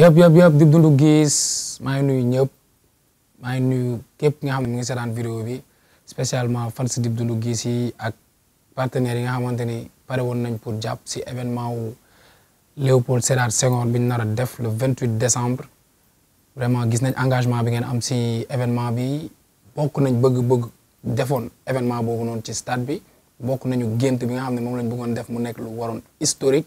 yëpp yëpp yëpp Dip Doundou Guiss maa ngi nuyu ñëpp maa ngi nuyu képp nga xam ne mu ngi seetaan vidéo bi spécialement fans Dip Doundou Guiss yi ak partenaires yi nga xamante ni pare woon nañ pour jàpp si événement wu Léopold Sédar Senghor bi ñu nar a def le 28 décembre vraiment gis nañ engagement bi ngeen am si événement bi bokk nañ bëgg-bëgg defoon événement boobu noonu ci stade bi bokk nañu gént bi nga xam ne moom lañ bëggoon def mu nekk lu waroon historique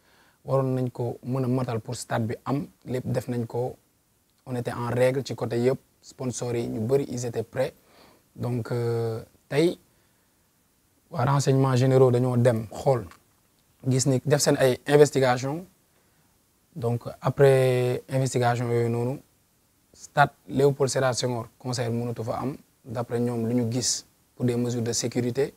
waroon nañ ko mën a matal pour stade bi am lepp def nañ ko on était en règle ci côté yëpp sponsors yi ñu bari ils étaient prêts donc euh, tay wa renseignements généraux dañoo dem xol gis ni def sen ay investigation donc après investigation yooyu noonu stade Léopold Sédar Senghor concert mënatu fa am d'après ñom lu ñu gis pour des mesures de sécurité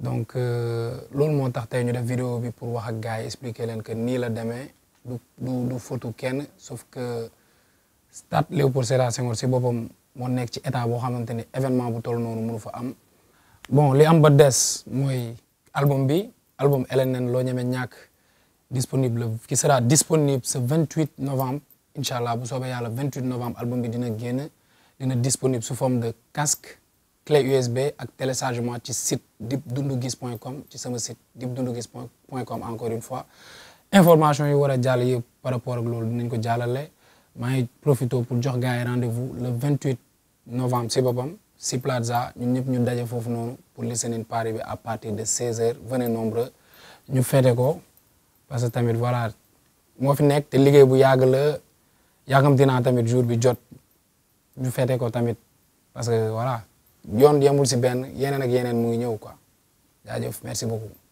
donc euh, lool moo tax ñu def vidéo bi pour wax ak gars expliquer leen que ni la démé du du photo fotu kenn sauf que stade Léopold Sédar Senghor si boppam moo nekk ci état bo xamante événement bu toll noonu mënu fa am bon li am ba des moy album bi album LNN lo ñeme ñàkk disponible qui sera disponible ce 28 novembre inshallah bu soobee yalla 28 novembre album bi dina génn dina disponible sous forme de casque clé USB ak téléchargement ci site dibdunduguiss.com ci sama site dibdunduguiss.com encore une fois information yi war a par rapport ak ce que ko avez maa ngi profito pour jox gars rendez-vous le 28 novembre si bon. C'est Plaza ñun ñëpp ñu daje foofu noonu pour listening party bi à partir de 16h venez nombreux Nous faisons ko parce que tamit voilà moo fi nekk te liggéey bu yàgg la yàggam dinaa tamit jour bi jot ñu Nous ko tamit parce que voilà. yoon yemul si benn yeneen ak yeneen mu ngi ñëw quoi jaajëf merci beaucoup.